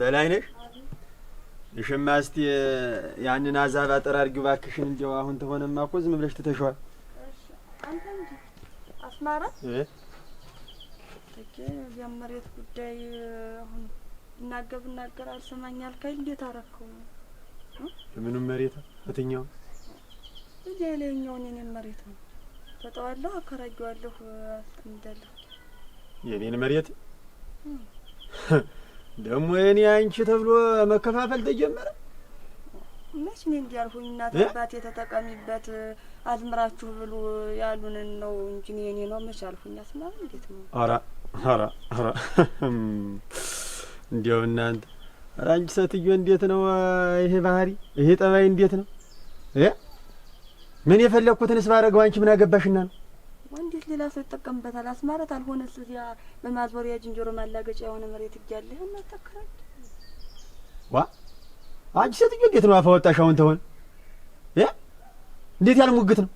በላይነሽ እሽማ እስቲ ያንን አዛብ አጠር አድርጊው እባክሽን። እንዲያው አሁን ተሆነማ እኮ ዝም ብለሽ ትተሽዋል። አስማራ ጉዳይ አሁን ብናገር ብናገር አልሰማኝ አልከኝ። እንዴት አረከው? ምኑን መሬት የትኛው? ሌላኛውን የኔን መሬት ነው ተጠዋለሁ፣ አከራጊዋለሁ፣ የኔን መሬት ደግሞ እኔ አንቺ ተብሎ መከፋፈል ተጀመረ። መች እኔ እንዲያልሁኝ ያልኩኝ እናት አባት የተጠቀሚበት አዝምራችሁ ብሉ ያሉንን ነው እንጂ እኔ ነው መች አልኩኝ። አስማ እንዴት ነው? ኧረ ኧረ ኧረ እንዲያው እናንተ ኧረ አንቺ ሴትዮ እንዴት ነው ይሄ ባህሪ ይሄ ጠባይ እንዴት ነው? ምን የፈለግኩትንስ ባረገው አንቺ ምን አገባሽና ነው እንዴት ሌላ ሰው ይጠቀምበታል? አስማረት አልሆነስ እዚያ በማዞሪያ ዝንጀሮ ማላገጫ የሆነ መሬት እያለህ እናተክራል። ዋ አንቺ ሴትዮ እንዴት ነው አፈወጣሽ? አሁን ተሆን እንዴት ያለ ሙግት ነው?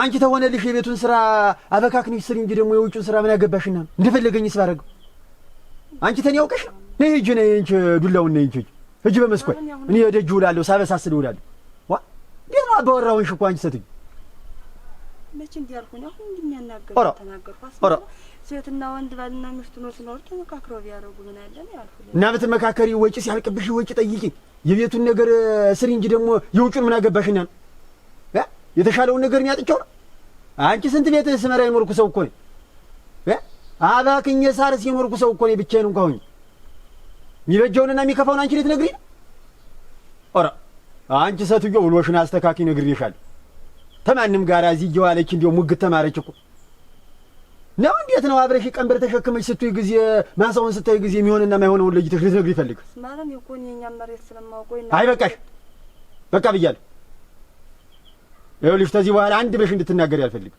አንቺ ተሆነልሽ የቤቱን ስራ አበካክንሽ ስሪ እንጂ ደግሞ የውጭውን ስራ ምን ያገባሽና እንደፈለገኝስ ባደርገው አንቺ ተን ያውቀሽ ነው። ነይ ሂጂ፣ ነይ እንቺ ዱላውን ነይ እንቺ ሂጂ በመስኮይ እኔ ደጅ እውላለሁ፣ ሳበሳስል እውላለሁ። ዋ እንዴት ነው አባወራውን ሽኮ አንቺ ሴትዮ መቼ እንዲህ አልኩኝ? አሁን እንዲህ ተናገርኩ። ሴትና ወንድ ባልና ሚስቱ ነው ሲኖሩ ተመካክረው ቢያደርጉ ምን አለ ነው ያልኩኝ። እና ብትመካከሪ ወጪ ሲያልቅብሽ ወጪ ጠይቂ፣ የቤቱን ነገር ስሪ እንጂ ደግሞ የውጩን ምን አገባሽና ነው የተሻለውን ነገር ያጥቻው። አንቺ ስንት ቤት ስመራ የኖርኩ ሰው እኮ ነኝ። አባክኜ ሳርስ የኖርኩ ሰው እኮ ነኝ። ብቻዬን እንኳ ሆኜ የሚበጀውንና የሚከፋውን አንቺ ልትነግሪኝ ነው? ኧረ አንቺ ሴትዮ ውሎሽን አስተካኪ ነግሬሻለሁ። ተማንም ጋር እዚህ እየዋለች እንዲያው ሙግት ተማረች እኮ ነው። እንዴት ነው አብረሽ ቀንበር ተሸክመች ስትይ ጊዜ ማሳውን ስታይ ጊዜ የሚሆንና የማይሆነውን ለይተሽ ልትነግሪ ይፈልግ ማለም ይኮን የኛም መሬት ስለማውቀው ይና አይ በቃሽ፣ በቃ ብያለሁ። ይኸውልሽ ከዚህ በኋላ አንድ በሽ እንድትናገር ያልፈልግ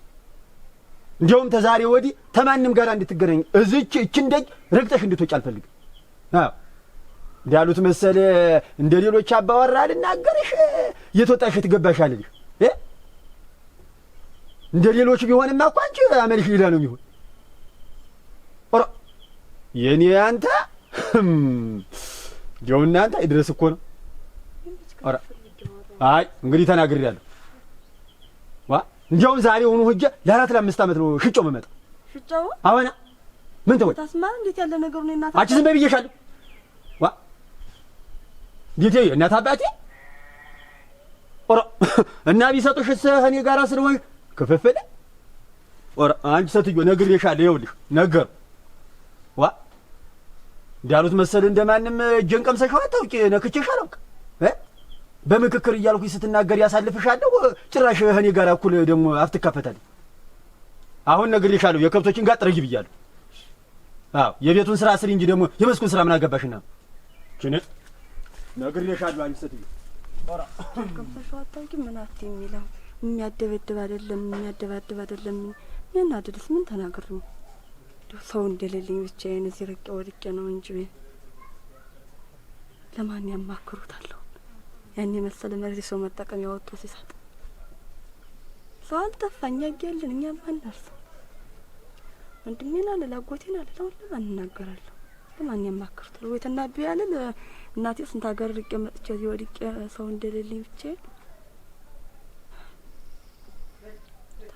እንዲያውም ተዛሬ ወዲህ ተማንም ጋር እንድትገናኝ እዚች እችን ደጅ ረግጠሽ እንድትወጪ አልፈልግም። አዎ እንዳሉት መሰለ እንደ ሌሎች አባወራ ልናገርሽ እየተወጣሽ ትገባሽ አልልሽ እንደ ሌሎች ቢሆንማ እኮ አንቺ አመልሽ ሌላ ነው የሚሆን። ኧረ የእኔ አንተ እንዲያው እናንተ ይድረስ እኮ ነው። ኧረ አይ እንግዲህ ተናግሬያለሁ። ዋ እንዲያውም ዛሬ ሆኖ ሂጅ ለአራት ለአምስት ዓመት ነው ሽጮ መመጣ ሽጮው አሁን ምን ተወይ ታስማል። እንዴት ያለ ነገር ነው እናታ። አንቺ ዝም በይ ብዬሻለሁ። ዋ እንዴት ይሄ እናት አባቴ ኦሮ እና ቢሰጡሽ እኔ ጋራ ስለሆንሽ ክፍፍል ወር አንቺ ሴትዮ ነግሬሻለሁ። ይኸውልሽ ነገር ዋ እንዳሉት መሰል እንደማንም እጄን ቀምሰሽው አታውቂ፣ ነክቼሽ እ በምክክር እያልኩኝ ስትናገር ያሳልፍሻለሁ። ጭራሽ እኔ ጋር እኩል ደግሞ አፍትካፈታለሁ። አሁን ነግሬሻለሁ፣ የከብቶችን ጋር ረጊ ብያለሁ። አዎ የቤቱን ስራ ስሪ እንጂ ደግሞ የመስኩን ስራ ምን አገባሽና? ችንጥ ነግሬሻለሁ። አንቺ ሰትዮ ኧረ ቀምሰሽው አታውቂ ምን አትይ የሚለው የሚያደበድብ አይደለም የሚያደባድብ አይደለም። ምን አድልስ ምን ተናግሩ ሰው እንደሌለኝ ብቻዬን እዚህ ረቄ ወድቄ ነው እንጂ ለማን ያማክሩታለሁ? ያን የመሰለ መሬት ሰው መጠቀም ያወጡ ሲሰጥ ሰው አልጠፋ እኛ ያለን እኛ ማናርሰ ወንድሜን አለ ላጎቴን አለ ለሁን ለማን እናገራለሁ? ለማን ያማክሩታል? ወይ ተናዱ ያለ እናቴ ስንት ሀገር ርቄ መጥቼ እዚህ ወድቄ ሰው እንደሌለኝ ብቻዬን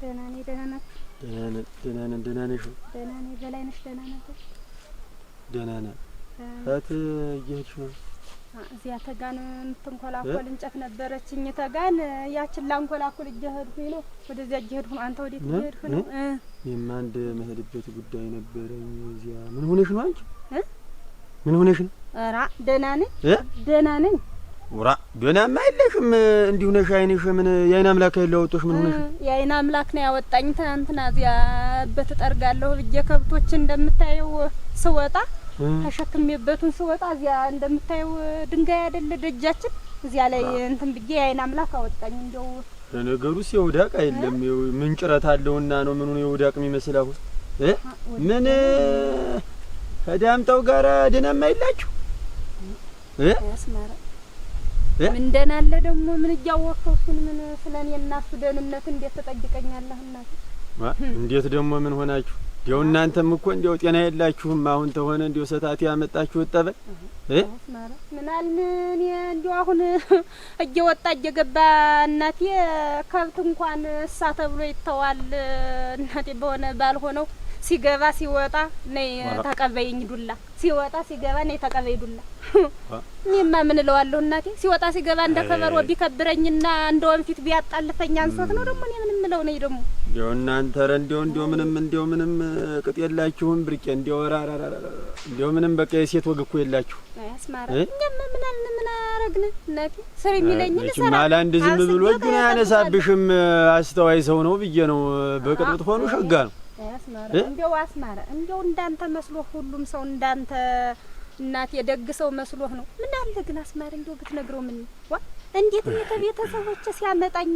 ደህና ነኝ። ደህና ናት። ደህና ነን። ደህና ነን። ደህና ነሽ? ደህና ነኝ። በላይ ደህና ናት። ደህና ናት። እህት እየሄድሽ ነው? እዚያ ተጋን የምትንኮላኮል እንጨት ነበረች። እኝ ተጋን ያችን ላንኮላኮል እየሄድኩኝ ነው። ወደዚያ እየሄድኩ ነው። አንተ ወዴት ነው? እኔም አንድ መሄድበት ጉዳይ ነበረኝ። እዚያ ምን ሆነሽ ነው አንቺ? ምን ሆነሽ ነው? ኧረ ደህና ነኝ። ደህና ነኝ ውራ ዶናማ የለሽም እንዲሁ ነሽ። አይንሽ ምን የአይን አምላክ ያለወጦሽ ምን ሆነሽ? የአይን አምላክ ነው ያወጣኝ። ትናንትና እዚያ በትጠርጋለሁ ብዬ ከብቶች እንደምታየው ስወጣ ተሸክሜበቱን ስወጣ እዚያ እንደምታየው ድንጋይ አይደለ ደጃችን እዚያ ላይ እንትን ብዬ የአይን አምላክ አወጣኝ። እንደው ለነገሩ የውዳቅ አይደለም ምን ጭረት አለውና ነው ምኑ የውዳቅ የሚመስል አሁን ምን ከዳምጣው ጋር ድነማ የላችሁ ምን ደህና አለ ደግሞ ምን እያወቅኸው እሱን ምን ስለ እኔ እና እሱ ደህንነት እንዴት ትጠይቀኛለህ? እናት እንዴት ደግሞ ምን ሆናችሁ እንዲያው እናንተም እኮ እንዲያው ጤና የላችሁም። አሁን ተሆነ እንዲው ሰታት ያመጣችሁ ጠበል ምን አልን እኔ እንዲያው አሁን እየወጣ እየገባ እናቴ ከብት እንኳን እሳ ተብሎ ይተዋል። እናቴ በሆነ ባልሆነው ሲገባ ሲወጣ ነይ ተቀበይኝ ዱላ ሲወጣ ሲገባ ነው የተቀበይ ዱላ። እኔማ ምን እለዋለሁ እናቴ፣ ሲወጣ ሲገባ እንደ ከበሮ ቢከብረኝና እንደ ወንፊት ቢያጣልፈኝ አንሶት ነው ደግሞ እኔ ምን እምለው ነኝ ደግሞ እንዲያው እናንተ ረ እንዲያው እንዲያው ምንም እንዲያው ምንም ቅጥ የላችሁም ብርቄ፣ እንዲያው ራራራ እንዲያው ምንም በቃ የሴት ወግ እኮ የላችሁ። አስማራ እኛማ ምን አልን ምን አረግን እናቴ፣ ስር የሚለኝ ልሰራ ማላ አንድ ዝም ብሎ አያነሳብሽም። አስተዋይ ሰው ነው ብዬ ነው። በቅጥብጥ ሆኑ ሸጋ ነው አስማራ እንደው አስማራ እንዳንተ መስሎ ሁሉም ሰው እንዳንተ እናት የደግሰው ሰው መስሎህ ነው። ምን አለ ግን አስማር እንደው ብትነግረው ምን ዋ እንዴት ቤተ ቤተሰቦች ሲያመጣኝ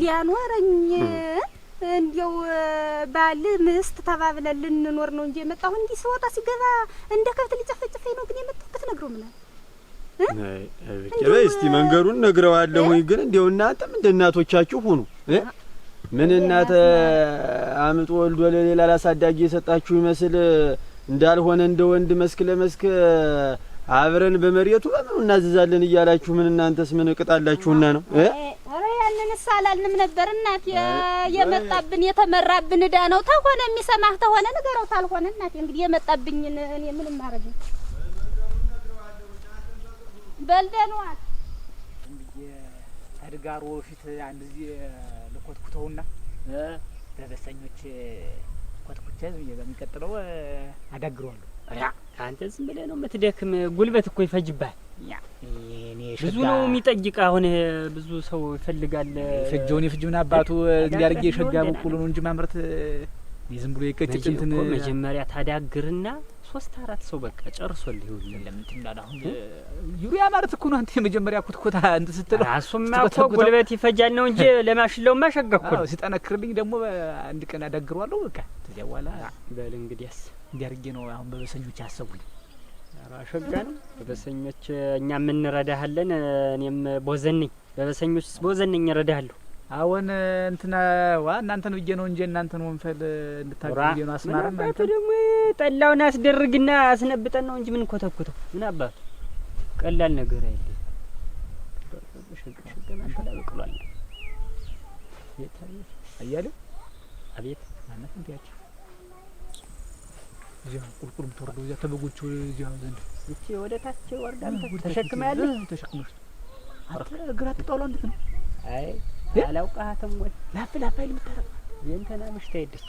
ሊያኖረኝ እንዲው ባል ምስት ተባብለን ልንኖር ነው እንጂ የመጣሁ እንዲህ ስወጣ ሲገባ እንደ ከብት ሊጨፈጭፈኝ ነው ግን የመጣሁ ብትነግረው ምን አለ እስቲ መንገዱን ነግረዋለሁኝ። ግን እንደው እናንተም እንደ እናቶቻችሁ ሁኑ። ምን እናተ አምጦ ወልዶ ለሌላ ላሳዳጊ የሰጣችሁ ይመስል እንዳልሆነ እንደ ወንድ መስክ ለመስክ አብረን በመሬቱ በምኑ እናዘዛለን እያላችሁ ምን እናንተስ ምን እቅጣላችሁና ነው? ኧረ ያንንስ አላልንም ነበር እናቴ። የመጣብን የተመራብን እዳ ነው። ተሆነ የሚሰማህ ተሆነ ንገረው፣ ታልሆነ እናቴ እንግዲህ የመጣብኝን እኔ ምንም ማረግ በልደንዋል ተድጋሮ ፊት አንድ ጊዜ ልኮትኩተውና በበሰኞች ኮትኩቻ ዝም በሚቀጥለው አዳግረዋለሁ። አንተ ዝም ብለህ ነው የምትደክም። ጉልበት እኮ ይፈጅባል። ብዙ ነው የሚጠይቅ። አሁን ብዙ ሰው ይፈልጋል። የፈጀውን የፈጀውን አባቱ እንዲያርጌ የሸጋ በኩሉ ነው እንጂ ማምረት ዝም ብሎ የቀጭጭ እንትን መጀመሪያ ታዳግርና ሶስት አራት ሰው በቃ ጨርሶልህ ይሁን። ለምን እንዳል አሁን ዩሪያ ማለት እኮ ነው አንተ የመጀመሪያ ኩትኩታ እንትን ስትለው እሱማ እኮ ጉልበት ይፈጃል ነው እንጂ ለማሽለው ማሸገኩል ሲጠነክርልኝ ደግሞ አንድ ቀን አዳግሯለሁ። በቃ እዚያ በኋላ በል እንግዲያስ እንዲያርጌ ነው አሁን በበሰኞች ያሰቡኝ አሸጋ በበሰኞች እኛ የምንረዳሃለን። እኔም ቦዘነኝ በበሰኞች ቦዘነኝ እረዳሃለሁ አሁን እንትና ዋ እናንተን ብዬ ነው እንጂ እናንተን ወንፈል እንድታገኝ ነው። አስማራ ደግሞ ጠላውን አስደርግና አስነብጠን ነው እንጂ ምን ኮተኩተው ምን አባቱ ቀላል ነገር አይደለም። አያሌው አቤት ማነት እንዲያቸው እዚያ ቁልቁል እዚያ እዚያ ዘንድ እቺ ወደ ታች ወርዳ ያለ ተሸክመሽ እንዴት ነው አይ አላውቃትም ወይ ላፍ ላፍ አይል የምታረቅ የእንተና ምሽት ሄደች።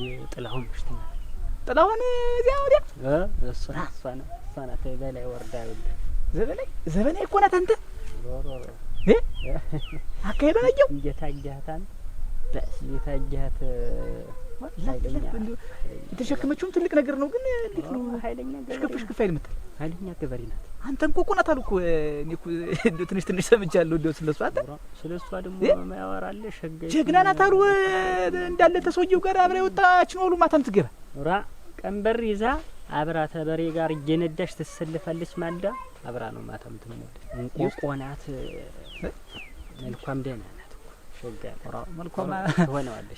የጥላሁን ምሽት ነው። ጥላሁን እዚያ ወዲያ እሱ ና እሷ ና እሷ ና ተበላይ ወርዳ ይኸውልህ፣ ዘበላይ ዘበላይ እኮ ናት። አንተ አካሄዷ ናቸው። እንዴት አየሃት አንተ? በስ እንዴት አየሃት? የተሸከመችውም ትልቅ ነገር ነው። ግን እንዴት ነው ኃይለኛ ሽክፍ ሽክፍ አይል የምትል ኃይለኛ ገበሬ ናት። አንተ እንቁቁናት አልኩ እኮ እንደው ትንሽ ትንሽ ሰምቻለሁ። እንደው ስለሷ አንተ ስለሷ ደግሞ ማያወራለ ሸጋ ጀግና ናት አሉ እንዳለ ተሰውየው ጋር አብራ ወጣች ነው አሉ። ማታም ትገባ ራ ቀንበር ይዛ አብራ ተበሬ ጋር እየነዳች ትሰልፋለች። ማልዳ አብራ ነው ማታም ትሞት። እንቁቁናት መልኳም ደህና ናት።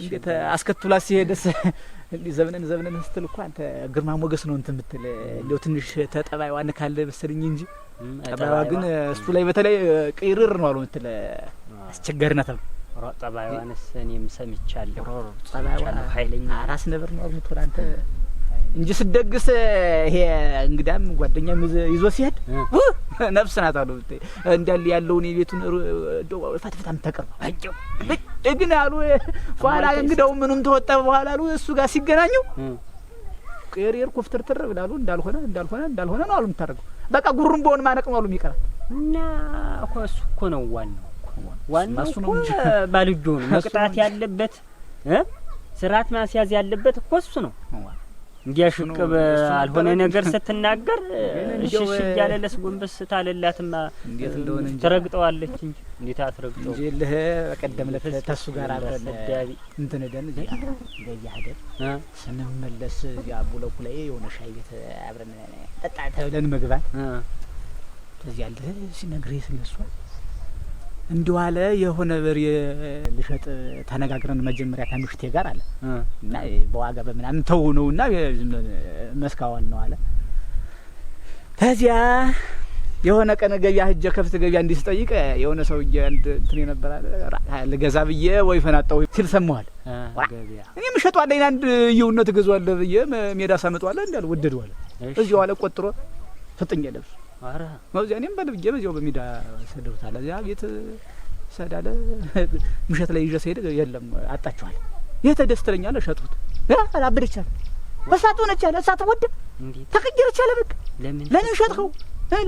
እንዴት አስከትሏት ሲሄደስ ዘብነን ዘብነን ስትል እኳ አንተ ግርማ ሞገስ ነው እንትን የምትል እንዲያው ትንሽ ዋን ካለ መሰለኝ እንጂ ጠባይዋ ግን እሱ ላይ በተለይ ቅይርር ነው አሉ ምትል አስቸጋሪ ነው። አሉ። ጠባይዋንስ እኔም ሰምቻለሁ። ጠባይዋ ኃይለኛ ራስ ነበር ነው አሉ ምትል አንተ እንጂ ስደግስ ይሄ እንግዳም ጓደኛም ይዞ ሲሄድ ነፍስ ናት አሉ እንዳል ያለውን የቤቱን ፈትፈታ ምታቀርበ ግን አሉ ኋላ እንግዳው ምኑም ተወጣ በኋላ አሉ እሱ ጋር ሲገናኙ ቅሬር ኮፍትርትር ብላሉ እንዳልሆነ እንዳልሆነ እንዳልሆነ ነው አሉ የምታደርገው በቃ ጉሩም በሆን ማነቅ ነው አሉ የሚቀራል እና እኮ እሱ እኮ ነው ዋናው ዋናው እኮ ባልጆ ነው መቅጣት ያለበት ስርዓት ማስያዝ ያለበት እኮ እሱ ነው እንዲያ እንዲያሽቅብ አልሆነ ነገር ስትናገር እሽሽ እያለ ለስጎንበስ ታለላትማ እንዴት እንደሆነ ትረግጠዋለች እንጂ እንዴት አትረግጠው እንጂ ልህ በቀደም ለት ተሱ ጋር አብረን እንትን ደን እዚህ በያህደር ስንመለስ ያቡለኩ ላይ የሆነ ሻይ ቤት አብረን ጠጣ ተብለን መግባት እዚያ ልህ ሲነግሬ ስለሷል እንዲዋለ የሆነ በሬ ልሸጥ ተነጋግረን መጀመሪያ ከምሽቴ ጋር አለ እና በዋጋ በምናምን ተው ነው እና መስካዋል ነው አለ። ከዚያ የሆነ ቀን ገቢያ ህጀ ከፍት ገቢያ እንዲስጠይቅ የሆነ ሰውዬ አንድ እንትን የነበረ ልገዛ ብዬ ወይ ፈናጣው ሲል ሰማዋል። እኔ ምሸጧለኝ አንድ እየውነት አለ ብዬ ሜዳ ሳመጧለ አለ ወደድዋለ እዚሁ አለ ዋለ ቆጥሮ ሰጠኛ ለብሱ አረ መውዚያ እኔም በልብጌ በዚያው በሜዳ ሰደብታለ። እዚያ ቤት ሰዳለ ምሸት ላይ ይዤ ስሄድ የለም አጣችኋል። ይህ ተደስተለኛል ሸጡት። አላበደቻል እሳት ሆነቻል። እሳት ወደ ተቀየረቻለ። በቃ ለምን ለምን ሸጥኸው?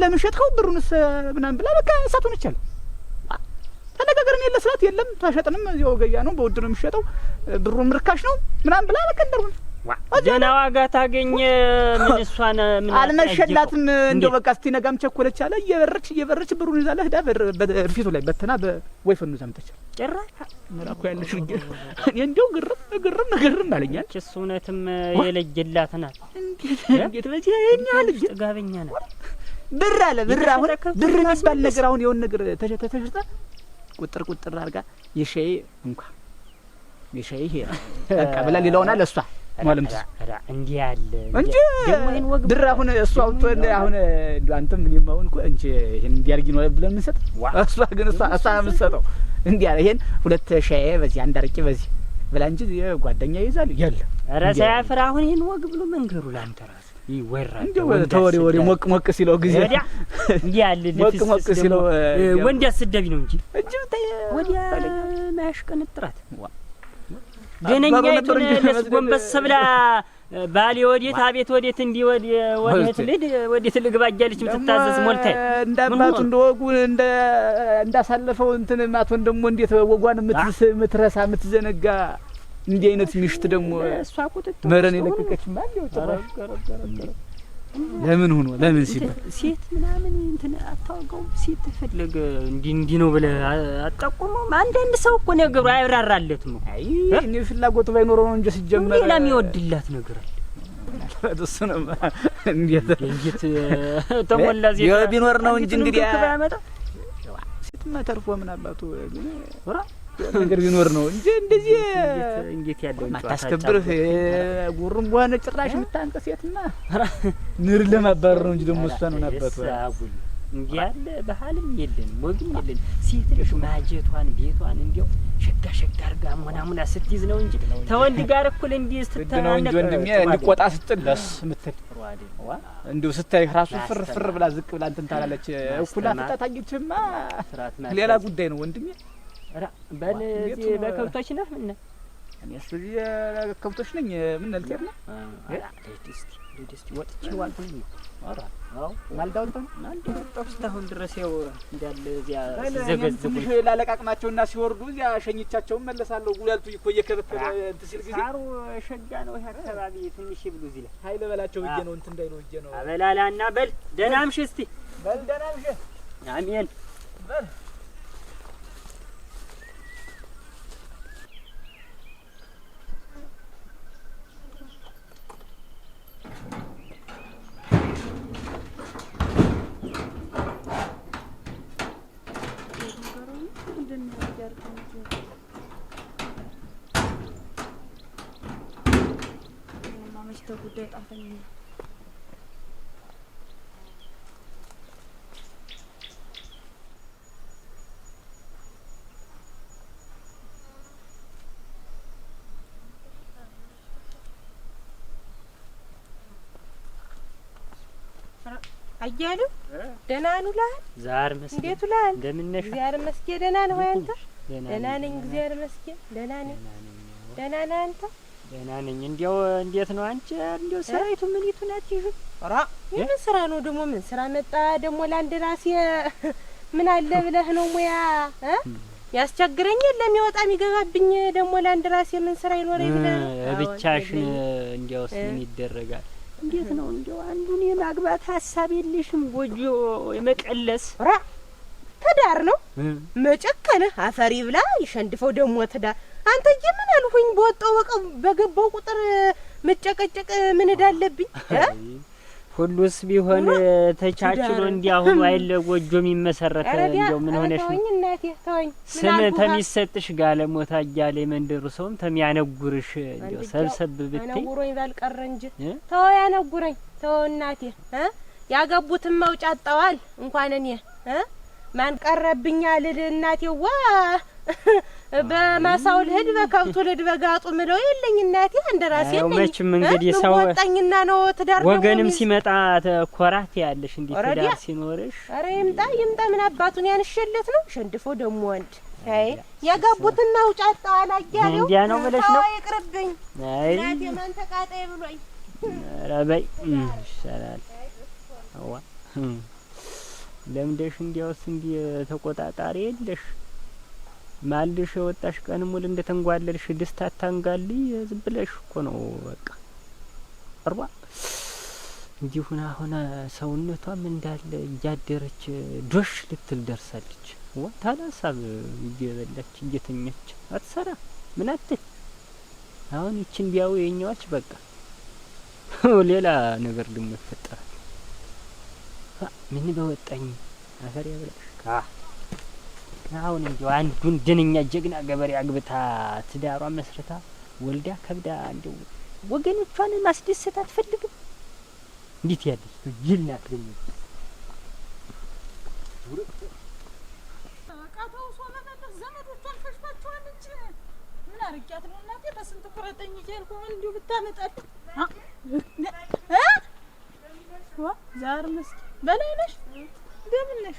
ለምን ሸጥኸው? ብሩንስ ምናምን ብላ በቃ እሳት ሆነቻል። ተነጋገርን የለ ስላት የለም። ተሸጥንም እዚያው ገያ ነው፣ በውድ ነው የሚሸጠው፣ ብሩም ርካሽ ነው ምናምን ብላ በቃ እንደርሆነ ደህና ዋጋ ታገኘ። ምን እሷን ምን አልመሸላትም። እንደው በቃ እስቲ ነጋም ቸኮለች አለ። እየበረች እየበረች ብሩን ይዛለ ህዳ ፊቱ ላይ በተና በትና ፈኑ ዘምተች ጭራ መላኩ ያለሽ እኔ እንደው ግርም ግርም ግርም አለኛል። እሱ እውነትም የለጅላት ናት። እንዴት በዚህ ይሄን ያህል ጋበኛ ናት። ብር አለ ብር አሁን ብር የሚባል ነገር አሁን የሆነ ነገር ተሸጠ ተሸጠ ቁጥር ቁጥር አድርጋ የሸዬ እንኳ የሸዬ ይሄ በቃ ብላ ሌላውን አለ ማለት እንዲህ ያለ እንጂ ድራሁን እሱ አውጥቶ አሁን አንተም እኔም አሁን እኮ እንጂ ይሄን እንዲህ ነው ብለን የምንሰጥ እሷ ግን እሷ እሷ የምትሰጠው እንዲህ ያለ ይሄን ሁለት ሻዬ በዚህ አንድ አርቄ በዚህ ብላ እንጂ ጓደኛ ይዛል ያለ ረሳ ያፈራ አሁን ይሄን ወግ ብሎ መንገሩ ላንተ ራስ ይወራል እንዴ? ተወሪ ወሪ ሞቅ ሞቅ ሲለው ጊዜ እንዲህ ያለ ሞቅ ሞቅ ሲለው ወንድ አስደቢ ነው እንጂ እጅ ወዲያ ማያሽቀንጥራት ግን እኛ ለስ ጎንበስ ብላ ባሌ ወዴት አቤት ወዴት እንዲህ ወዴት ልድ ወዴት ልግባ እያለች የምትታዘዝ ሞልታይ እንዳማቱ እንደ ወጉ እንደ እንዳሳለፈው እንትን ማቶን ደግሞ እንዴት ወጓን ምትስ ምትረሳ ምትዘነጋ እንዲህ አይነት ሚሽት ደግሞ መረን የለቀቀች ማን ነው ተራ ለምን ሆኖ ለምን ሲባል ሴት ምናምን እንትን አታወቀው ሴት ፈለገ እንዲ እንዲ ነው ብለህ አጠቁመው። አንዳንድ ሰው እኮ ነገሩ አያብራራለትም ነው። አይ እኔ ፍላጎቱ ባይኖረው ነው እንጂ ሲጀመር ሌላ ይወድላት ነገር አለ። ነው እንዴት እንዴት ተሞላ ቢኖር ነው እንጂ እንግዲህ ሴትማ መተርፎ ምን አባቱ ነገር ቢኖር ነው እንጂ እንደዚህ እንዴት ያለው ማታስከብርህ ጉሩም በሆነ ጭራሽ የምታንቀስ የትና ንር ለማባረር ነው እንጂ ደግሞ እሷን ምናባቱ እንዲህ ያለ ባህልም የለን ወግም የለን። ሴትልሽ ማጀቷን ቤቷን እንዲያው ሸጋ ሸጋ አርጋ አሞናሙና ስትይዝ ነው እንጂ ተወንድ ጋር እኩል እንዲህ ስትተናነቅ ወንድሜ እንዲቆጣ ስትል ለስ ምትል እንዲሁ ስታይ ራሱ ፍር ፍር ብላ ዝቅ ብላ እንትን ታላለች። እኩላ ትጣታጊችማ ሌላ ጉዳይ ነው ወንድሜ በል እዚህ በከብቶች ነህ? ምን እኔ እሱ ከብቶች ነኝ። ምን ልትሄድ ነው? ወጥቼ ዋልኩኝ። እስካሁን ድረስ ያው እንዳለ እዚያ ሲዘገዝጉኝ ላለቃቅማቸውና ሲወርዱ እዚያ ሸኝቻቸውን መለሳለሁ። ጉላልቱ እኮ እየከበከበ እንትን ሲል ጊዜ ሳሩ ሸጋ ነው። ይሄ አካባቢ ትንሽ ይብሉ እዚህ ላይ ሀይል በላቸው ብዬ ነው እንትን እንዳይለው ብዬ ነው። አበላላ በል ደህና ምሽ እስቲ በል ደህና ምሽ አሜን በል አያሉ ደህና ነው ላል ዛር መስጊድ እንዴት ላል እንደምነሽ ዛር መስጊድ ደህና ነው አንተ ደህና ነኝ እግዚአብሔር መስጊድ ደህና ነኝ ደህና ነህ አንተ ደህና ነኝ እንዲያው እንዴት ነው አንቺ እንዲያው ስራይቱ ምን ይቱ ናት ይሁ ራ የምን ስራ ነው ደግሞ ምን ስራ መጣ ደግሞ ለአንድ ራሴ ምን አለ ብለህ ነው ሙያ ያስቸግረኝ የለም ይወጣ የሚገባብኝ ደግሞ ለአንድ ራሴ ምን ስራ ይኖረኝ ብለህ ብቻሽን እንዲያውስ ምን ይደረጋል እንዴት ነው እንደው አንዱን የማግባት ሀሳብ የለሽም? ጎጆ የመቀለስ ራ ትዳር ነው መጨከነ አፈሪ ብላ ይሸንድፈው ደግሞ ትዳር። አንተ ምን አልሁኝ? በወጣው በገባው ቁጥር መጨቀጨቅ ምን እዳለብኝ? ሁሉስ ቢሆን ተቻችሎ እንዲያሁኑ አይለ ጎጆ የሚመሰረተ እንደው ምን ሆነሽ ስም ተሚሰጥሽ ጋለሞታ እያለ የመንደሩ ሰውም ተሚያነጉርሽ እንደው ሰብሰብ ብትይ ነጉሮኝ ባልቀረ እንጂ ተው ያነጉረኝ ተው እናቴ ያገቡትን መውጫ አጣዋል እንኳን እኔ እ ማን ቀረብኛል ዋ በማሳው ልሂድ በከብቱ ልሂድ በጋጡ ምለው የለኝ እናቴ ራሴ ነኝ። መቼም እንግዲህ ሰው ወጣኝና ነው ትዳር ነው ወገንም ሲመጣ ኮራት ያለሽ እንዴ ትዳር ሲኖርሽ። አረ ይምጣ ይምጣ ምን አባቱን ያንሸለት ነው ሸንድፎ ደሞ ወንድ አይ ያጋቡትና ውጫጣ አላያለው እንዲያ ነው ብለሽ ነው ይቅርብኝ። አይ እናቴ ማን ተቃጣይ ብሎኝ። ኧረ በይ ይሻላል። አዋ ለምደሽ እንዲያውስ እንዲህ ተቆጣጣሪ የለሽ ማልሽ የወጣሽ ቀን ሙል እንደ ተንጓለልሽ ድስት አታንጋልይ ዝም ብለሽ እኮ ነው በቃ አርባ እንዲሁን ሁና ሆነ ሰውነቷም እንዳለ እያደረች ዶሽ ልትል ደርሳለች። ዋ ታላሳብ እየበላች እየተኛች አትሰራ ምን አትል። አሁን ይችን ቢያው የኛዋች በቃ ሌላ ነገር ደግሞ ይፈጠራል። ምን በወጣኝ አፈር ያብላሽ። አሁን እንዲያው አንዱን ደነኛ ጀግና ገበሬ አግብታ ትዳሯ መስርታ ወልዳ ከብዳ እንዲያው ወገኖቿን ማስደሰት አትፈልግም። እንዴት ያለች ጅል ናት! ምን አርጊያት ነው እናቴ? በስንት ቁረጠኝ እያልኩ እንዲሁ ብታመጣል ዛር መስኪ በላይ ነሽ እንደምን ነሽ?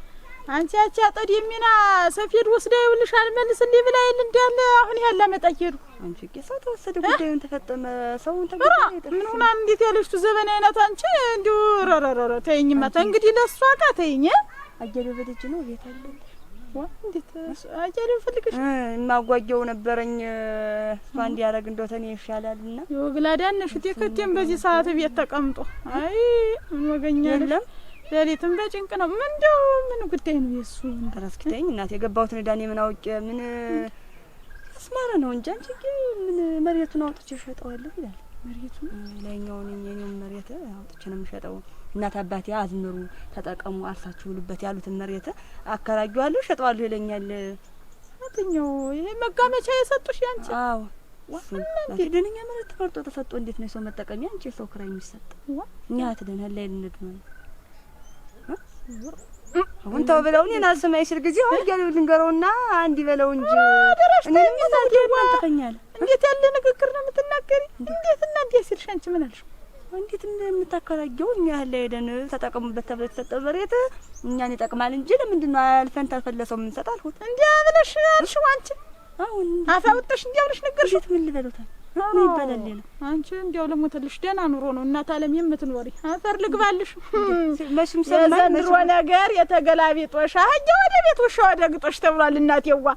አንቺ ያቺ አጠድ የሚና ሰፌድ ወስዳ ይኸውልሽ አልመልስ እንዲህ ብላ ይል እንዳለ አሁን ያለ መጣየሩ አንቺ ቄሳ ተወሰደ ጉዳዩን ተፈጠመ ሰውን ተገራ ምን ሆና እንዴት ያለሽቱ ዘበና አይነት አንቺ እንዲሁ ረረረረ ማታ እንግዲህ ለሷ ቃ ተይኝ አየለው በደጅ ነው ቤት አለ ዋ እንዴት አየለው ፈልግሽ የማጓጓው ነበረኝ እሷ እንዲያረግ እንደው ተኔ ይሻላልና ይወግላዳን ሽቴ ከቴም በዚህ ሰዓት ቤት ተቀምጦ አይ ምን ወገኛለሽ ሌሊትም በጭንቅ ነው። ምን እንደው ምን ጉዳይ ነው የእሱ? ራስ እናት የገባሁትን እዳኔ ምን አውቄ ምን አስማረ ነው እንጂ አንቺ ምን መሬቱን አውጥቼ እሸጠዋለሁ ይላል። መሬቱን ላይኛውን የኔውን መሬት አውጥቼ ነው የምሸጠው። እናት አባቴ አዝምሩ፣ ተጠቀሙ፣ አርሳችሁ ብሉበት ያሉትን መሬት አከራጇዋለሁ፣ እሸጠዋለሁ ይለኛል። አትኛው ይሄ መጋመቻ የሰጡሽ ያንቺ? አዎ ደነኛ መሬት ተፈርጦ ተሰጥቶ እንዴት ነው የሰው መጠቀሚያ አንቺ የሰው ክራይ የሚሰጥ እኛ ትደን ላይ ልንድ ነው አሁን ተው ብለው እኔን አልሰማኝ ሲል ጊዜ አሁን ገል ልንገረውና አንድ ይበለው እንጂ እኔንም ይዛልከኝ እንዴት ያለ ንግግር ነው የምትናገሪ? እንዴት እና እንዴት ሲልሽ አንቺ ምን አልሽ? እንዴት እንደምታከራየው እኛ ያለ ሄደን ተጠቀሙበት ተብሎ የተሰጠ መሬት እኛን ይጠቅማል እንጂ ለምንድን ነው አልፈን ታልፈለሰው የምንሰጥ አልሁት። እንዲያ ብለሽ አልሽው አንቺ አሁን አፋውጥሽ እንዲያ ብለሽ ነገርሽ ምን ልበሉታል ምን ይባላል? ሌላ አንቺ እንዲያው ለሞተልሽ ደህና ኑሮ ነው እናት አለም የምትኖሪ። አፈር ልግባልሽ። መሽም የዘንድሮ ነገር የተገላቢጦሽ አህያ ወደ ቤት ውሻ ወደ ግጦሽ ተብሏል። እናቴዋ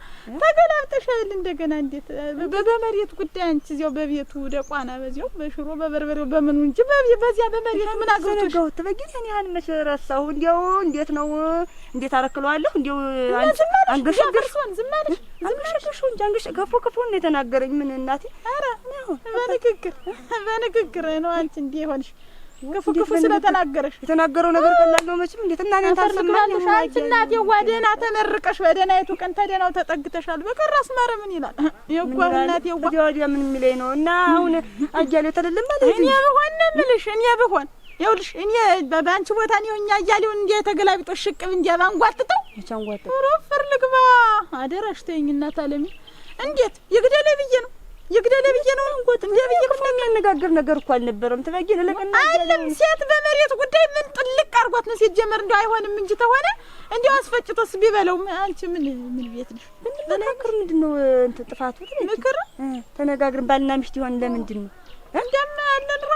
ተገላብጠሻል። እንደገና እንዴት በመሬት ጉዳይ አንቺ እዚያው በቤቱ ደቋና በዚያው በሽሮ በበርበሬው በምኑ እንጂ በዚያ በመሬት ምን አገሮች ተበጊት እኔ ያን መች ረሳሁ። እንዲያው እንዴት ነው እንዴት አረክለዋለሁ? እንዲያው አንገሽግሽ ዝም አለሽ ዝም አለሽ እንጂ አንገሽ ከፎ ከፎ ነው የተናገረኝ። ምን እናቴ ኧረ በንግግር በንግግር ነው አንቺ እንዲህ የሆንሽ ክፉ ክፉ ስለተናገረሽ የተናገረው ነገር ቀላል ነው መቼም። እንዴት እና እኔን ታሰማለሽ? አንቺ እናቴ ደህና ተመርቀሽ በደህናይቱ ቀን ተደህናው ተጠግተሻል። በቀር አስማረ ምን ይላል? የጓ እናቴ የጓ ወዲያ ምን የሚለኝ ነው? እና አሁን አያሌው ተደለም ማለት እኔ ብሆን ነው የምልሽ። እኔ ብሆን ይኸውልሽ፣ እኔ በአንቺ ቦታ እኔ ሆኜ አያሌውን እንዲያ የተገላቢጦ ሽቅብ እንዲያ ባንጓጥጠው ቻንጓጥ ሮፈር ልግባ አደራሽ ተይኝ እናት አለሚ እንዴት ይግደለኝ ብዬ ነው ይግደ ለብዬ ነው እንጎጥ ለብዬ እኮ የሚያነጋግር ነገር እኮ አልነበረም። ትበጊን ለቀና አይደለም ሴት በመሬት ጉዳይ ምን ጥልቅ አርጓት ነው ሲጀመር፣ እንደው አይሆንም እንጂ ተሆነ እንደው አስፈጭቶስ ቢበለው አልች ምን ምን ቤት ነው ምክር ምንድን ነው እንትን ጥፋቱ ምክር ተነጋግርን ባልና ሚስት ይሆን ለምንድን ነው ያለ ድሮ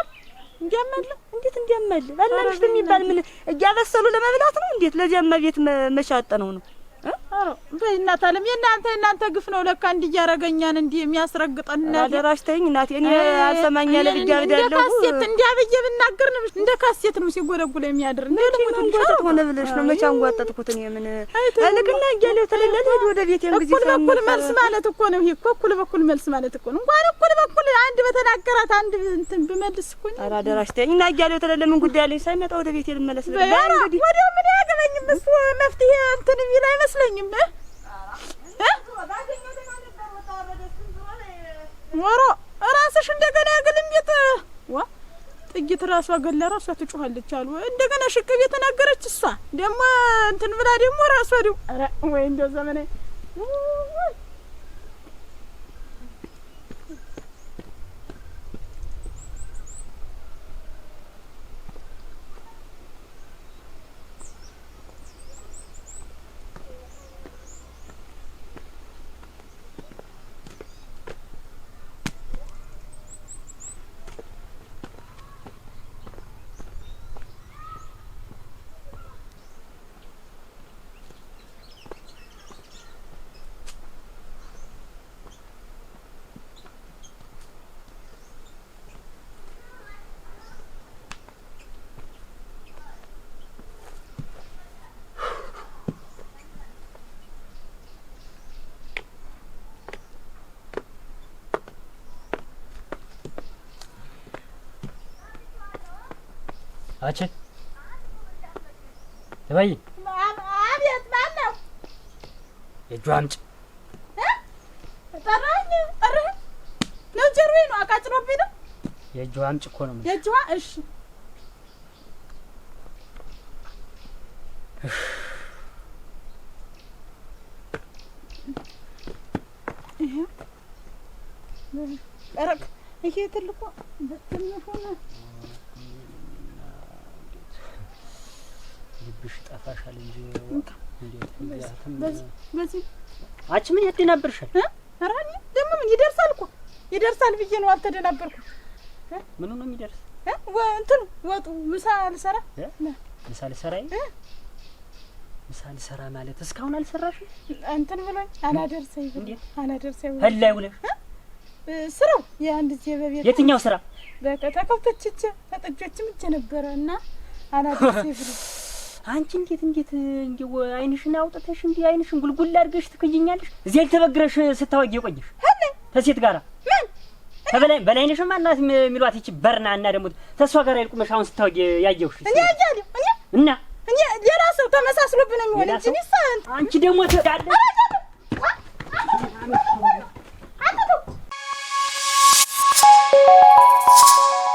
እንዲያመለ እንዴት እንዲያመለ ባልና ሚስት የሚባል ምን እያበሰሉ ለመብላት ነው እንዴት ለዚያማ ቤት መሻጠ ነው ነው እናት አለም የእናንተ የእናንተ ግፍ ነው ለካ እንዲህ እያደረገኛን እንዲህ የሚያስረግጠን አደራሽ ተይኝ እናቴ እኔ አልሰማኝ ያለ ብዬ እንደ ካሴት እንዲያ ብዬ ብናገር ነው እንደ ካሴት ነው ሲጎለጉል የሚያድር እንደ ሆነ ብለሽ ነው መቼ አንጓጠጥኩት እኔ ምን አልክና እያለ ተለለል ሄድ ወደ ቤት እንግዲህ እኩል በኩል መልስ ማለት እኮ ነው ይሄ እኩል በኩል መልስ ማለት እኮ ነው እንኳን እኩል በኩል አንድ በተናገራት አንድ እንትን ብመልስ እኮ ነው አደራሽ ተይኝ እና እያለ ተለለ ምን ጉዳይ አለኝ ሳይመጣ ወደ ቤት ልመለስ ነው ወዲያው ምን ያገበኝ ምስ መፍትሄ እንትን ቢል አይመስል አይመስለኝም። ወሮ ራስሽ እንደገና ያገል እንዴት ዋ ጥይት ራሷ ገላ ራሷ ትጮኋለች አሉ። እንደገና ሽቅብ የተናገረች እሷ ደግሞ እንትን ብላ ደግሞ ራሷ ደግሞ ኧረ ወይ እንደው ዘመናዊ አንቺ እማዬ አቤት ማን ነው? የእጁ አምጪ ጠራኝ። ኧረ ነው ጀሮዬ ነው አቃጭሮብኝ ነው። የእጁ አምጪ እኮ ነው የእጁ እሺ ይሄ ትልቁ ትንሹ ልብሽ ይጠፋሻል እንጂ አንቺ ምን ያደናብርሻል? ኧረ እኔ ደግሞ ምን ይደርሳል እኮ ይደርሳል ብዬ ነው አልተደናበርኩም። ምኑ ነው የሚደርስ? እንትን ወጡ ምሳ ልሰራ ምሳ ልሰራ ምሳ ልሰራ ማለት እስካሁን አልሰራሽ እንትን ብሎኝ አላደርሰኝ ብሎኝ አላደርሰኝ ብሎኝ ህላይ ውለሽ ስራው የአንድ ጊዜ በቤት የትኛው ስራ በከተከው ተችቼ ተጠጆችም እጄ ነበረ እና አላደርሰኝ ብሎኝ አንቺ እንዴት እንዴት እንዲ አይንሽን አውጥተሽ እንዲ አይንሽን ጉልጉል አድርገሽ ትክጅኛለሽ። እዚያ ተበግረሽ ስታወጊ የቆየሽ ተሴት ጋራ ምን ተበላይ በላይንሽ ማናት የሚሏት ይቺ በርና እና ደግሞ ተሷ ጋር ይልቁመሽ አሁን ስታወጊ ያየሁሽ እኔ ያያለሁ እኔ እና እኔ ሌላ ሰው ተመሳስሎብን ነው የሚሆነው እንጂ ንሳን አንቺ ደግሞ ተዳለ አንተ